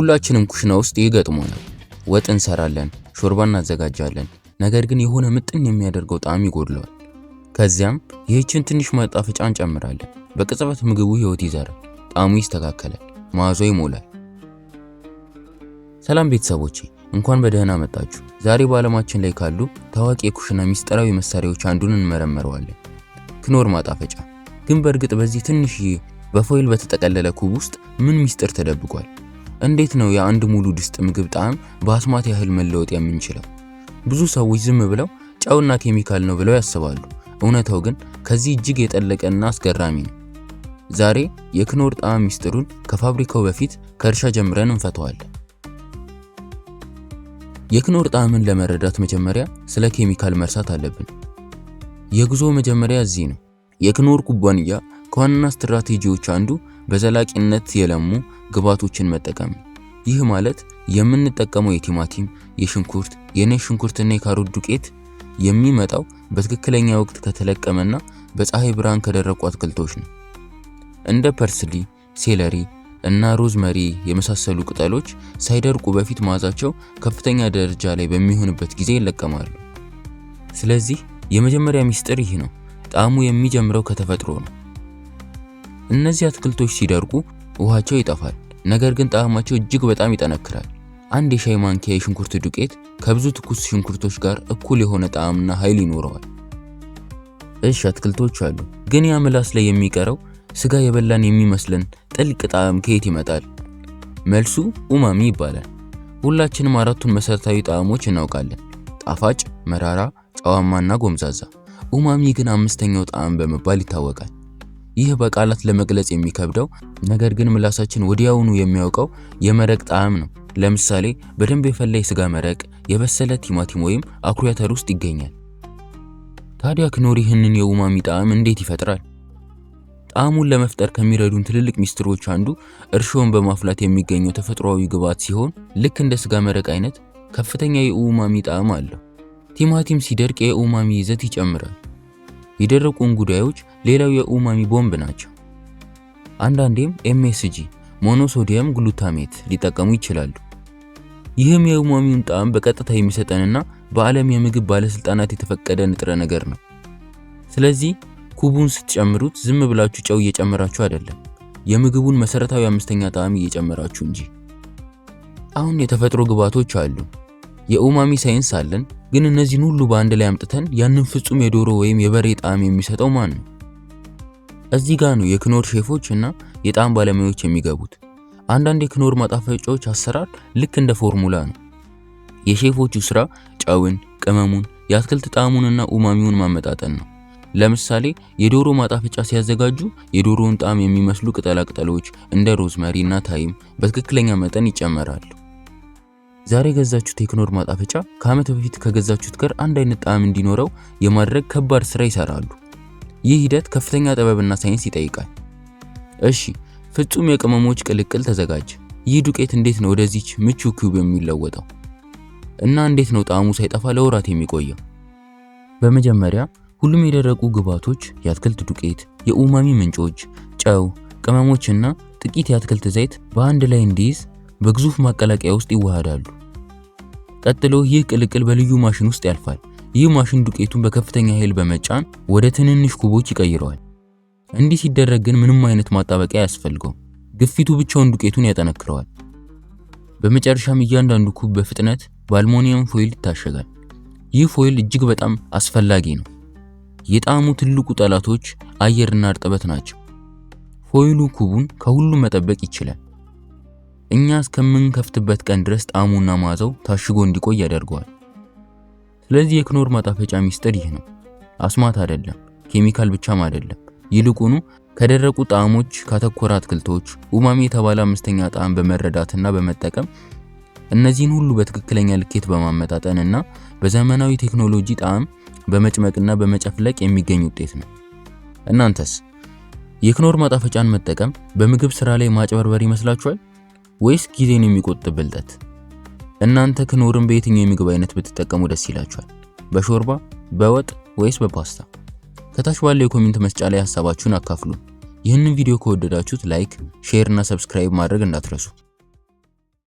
ሁላችንም ኩሽና ውስጥ ይገጥሞናል። ወጥ እንሰራለን፣ ሾርባ እናዘጋጃለን። ነገር ግን የሆነ ምጥን የሚያደርገው ጣዕም ይጎድለዋል። ከዚያም ይህችን ትንሽ ማጣፈጫ እንጨምራለን። በቅጽበት ምግቡ ህይወት ይዘራል፣ ጣዕሙ ይስተካከላል፣ መዓዛው ይሞላል። ሰላም ቤተሰቦቼ፣ እንኳን በደህና መጣችሁ። ዛሬ በዓለማችን ላይ ካሉ ታዋቂ የኩሽና ሚስጥራዊ መሳሪያዎች አንዱን እንመረምረዋለን፣ ክኖር ማጣፈጫ። ግን በእርግጥ በዚህ ትንሽዬ በፎይል በተጠቀለለ ኩብ ውስጥ ምን ሚስጥር ተደብቋል? እንዴት ነው የአንድ ሙሉ ድስት ምግብ ጣዕም በአስማት ያህል መለወጥ የምንችለው? ብዙ ሰዎች ዝም ብለው ጨውና ኬሚካል ነው ብለው ያስባሉ። እውነታው ግን ከዚህ እጅግ የጠለቀና አስገራሚ ነው። ዛሬ የክኖር ጣዕም ሚስጥሩን ከፋብሪካው በፊት ከእርሻ ጀምረን እንፈተዋለን። የክኖር ጣዕምን ለመረዳት መጀመሪያ ስለ ኬሚካል መርሳት አለብን። የጉዞ መጀመሪያ እዚህ ነው። የክኖር ኩባንያ ከዋና ስትራቴጂዎች አንዱ በዘላቂነት የለሙ ግብዓቶችን መጠቀም። ይህ ማለት የምንጠቀመው የቲማቲም፣ የሽንኩርት፣ የነጭ ሽንኩርትና የካሮት ዱቄት የሚመጣው በትክክለኛ ወቅት ከተለቀመና በፀሐይ ብርሃን ከደረቁ አትክልቶች ነው። እንደ ፐርስሊ፣ ሴለሪ እና ሮዝመሪ የመሳሰሉ ቅጠሎች ሳይደርቁ በፊት መዓዛቸው ከፍተኛ ደረጃ ላይ በሚሆንበት ጊዜ ይለቀማሉ። ስለዚህ የመጀመሪያ ሚስጥር ይህ ነው፣ ጣዕሙ የሚጀምረው ከተፈጥሮ ነው። እነዚህ አትክልቶች ሲደርቁ ውሃቸው ይጠፋል፣ ነገር ግን ጣዕማቸው እጅግ በጣም ይጠነክራል። አንድ የሻይ ማንኪያ የሽንኩርት ዱቄት ከብዙ ትኩስ ሽንኩርቶች ጋር እኩል የሆነ ጣዕምና ኃይል ይኖረዋል። እሽ አትክልቶች አሉ፣ ግን ያ ምላስ ላይ የሚቀረው ስጋ የበላን የሚመስለን ጥልቅ ጣዕም ከየት ይመጣል? መልሱ ኡማሚ ይባላል። ሁላችንም አራቱን መሰረታዊ ጣዕሞች እናውቃለን፤ ጣፋጭ፣ መራራ፣ ጨዋማና ጎምዛዛ። ኡማሚ ግን አምስተኛው ጣዕም በመባል ይታወቃል። ይህ በቃላት ለመግለጽ የሚከብደው ነገር ግን ምላሳችን ወዲያውኑ የሚያውቀው የመረቅ ጣዕም ነው። ለምሳሌ በደንብ የፈላ የስጋ መረቅ የበሰለ ቲማቲም ወይም አኩሪ አተር ውስጥ ይገኛል። ታዲያ ክኖር ይህንን የኡማሚ ጣዕም እንዴት ይፈጥራል? ጣዕሙን ለመፍጠር ከሚረዱን ትልልቅ ሚስጥሮች አንዱ እርሾን በማፍላት የሚገኘው ተፈጥሯዊ ግብዓት ሲሆን ልክ እንደ ስጋ መረቅ አይነት ከፍተኛ የኡማሚ ጣዕም አለው። ቲማቲም ሲደርቅ የኡማሚ ይዘት ይጨምራል። የደረቁ እንጉዳዮች ሌላው የኡማሚ ቦምብ ናቸው። አንዳንዴም ኤምኤስጂ ሞኖሶዲየም ግሉታሜት ሊጠቀሙ ይችላሉ። ይህም የኡማሚውን ጣዕም በቀጥታ የሚሰጠንና በዓለም የምግብ ባለስልጣናት የተፈቀደ ንጥረ ነገር ነው። ስለዚህ ኩቡን ስትጨምሩት ዝም ብላችሁ ጨው እየጨመራችሁ አይደለም፣ የምግቡን መሰረታዊ አምስተኛ ጣዕም እየጨመራችሁ እንጂ። አሁን የተፈጥሮ ግብዓቶች አሉ፣ የኡማሚ ሳይንስ አለን፣ ግን እነዚህን ሁሉ በአንድ ላይ አምጥተን ያንን ፍጹም የዶሮ ወይም የበሬ ጣዕም የሚሰጠው ማን ነው? እዚህ ጋር ነው የክኖር ሼፎች እና የጣዕም ባለሙያዎች የሚገቡት። አንዳንድ የክኖር ማጣፈጫዎች አሰራር ልክ እንደ ፎርሙላ ነው። የሼፎቹ ስራ ጨውን፣ ቅመሙን፣ የአትክልት ጣዕሙንና ኡማሚውን ማመጣጠን ነው። ለምሳሌ የዶሮ ማጣፈጫ ሲያዘጋጁ የዶሮውን ጣዕም የሚመስሉ ቅጠላቅጠሎች እንደ ሮዝመሪ እና ታይም በትክክለኛ መጠን ይጨመራሉ። ዛሬ የገዛችሁ ቴክኖር ማጣፈጫ ከዓመት በፊት ከገዛችሁት ጋር አንድ አይነት ጣዕም እንዲኖረው የማድረግ ከባድ ስራ ይሰራሉ። ይህ ሂደት ከፍተኛ ጥበብና ሳይንስ ይጠይቃል። እሺ፣ ፍጹም የቅመሞች ቅልቅል ተዘጋጀ። ይህ ዱቄት እንዴት ነው ወደዚች ምቹ ኪዩብ የሚለወጠው እና እንዴት ነው ጣዕሙ ሳይጠፋ ለወራት የሚቆየው? በመጀመሪያ ሁሉም የደረቁ ግብዓቶች የአትክልት ዱቄት፣ የኡማሚ ምንጮች፣ ጨው፣ ቅመሞችና ጥቂት የአትክልት ዘይት በአንድ ላይ እንዲይዝ በግዙፍ ማቀላቀያ ውስጥ ይዋሃዳሉ። ቀጥሎ ይህ ቅልቅል በልዩ ማሽን ውስጥ ያልፋል። ይህ ማሽን ዱቄቱን በከፍተኛ ኃይል በመጫን ወደ ትንንሽ ኩቦች ይቀይረዋል። እንዲህ ሲደረግ ግን ምንም አይነት ማጣበቂያ አያስፈልገውም። ግፊቱ ብቻውን ዱቄቱን ያጠነክረዋል። በመጨረሻም እያንዳንዱ ኩብ በፍጥነት በአልሙኒየም ፎይል ይታሸጋል። ይህ ፎይል እጅግ በጣም አስፈላጊ ነው። የጣዕሙ ትልቁ ጠላቶች አየርና እርጥበት ናቸው። ፎይሉ ኩቡን ከሁሉም መጠበቅ ይችላል። እኛ እስከምንከፍትበት ቀን ድረስ ጣዕሙና መዓዛው ታሽጎ እንዲቆይ ያደርገዋል። ስለዚህ የክኖር ማጣፈጫ ሚስጥር ይህ ነው። አስማት አይደለም፣ ኬሚካል ብቻም አይደለም። ይልቁኑ ከደረቁ ጣዕሞች ካተኮረ አትክልቶች ኡማሚ የተባለ አምስተኛ ጣዕም በመረዳትና በመጠቀም እነዚህን ሁሉ በትክክለኛ ልኬት በማመጣጠን እና በዘመናዊ ቴክኖሎጂ ጣዕም በመጭመቅና በመጨፍለቅ የሚገኝ ውጤት ነው። እናንተስ የክኖር ማጣፈጫን መጠቀም በምግብ ስራ ላይ ማጭበርበር ይመስላችኋል? ወይስ ጊዜን የሚቆጥብ ብልጠት? እናንተ ከኖርን በየትኛው የምግብ አይነት ብትጠቀሙ ደስ ይላችኋል? በሾርባ በወጥ ወይስ በፓስታ? ከታች ባለው የኮሜንት መስጫ ላይ ሀሳባችሁን አካፍሉ። ይህንን ቪዲዮ ከወደዳችሁት ላይክ፣ ሼር እና ሰብስክራይብ ማድረግ እንዳትረሱ።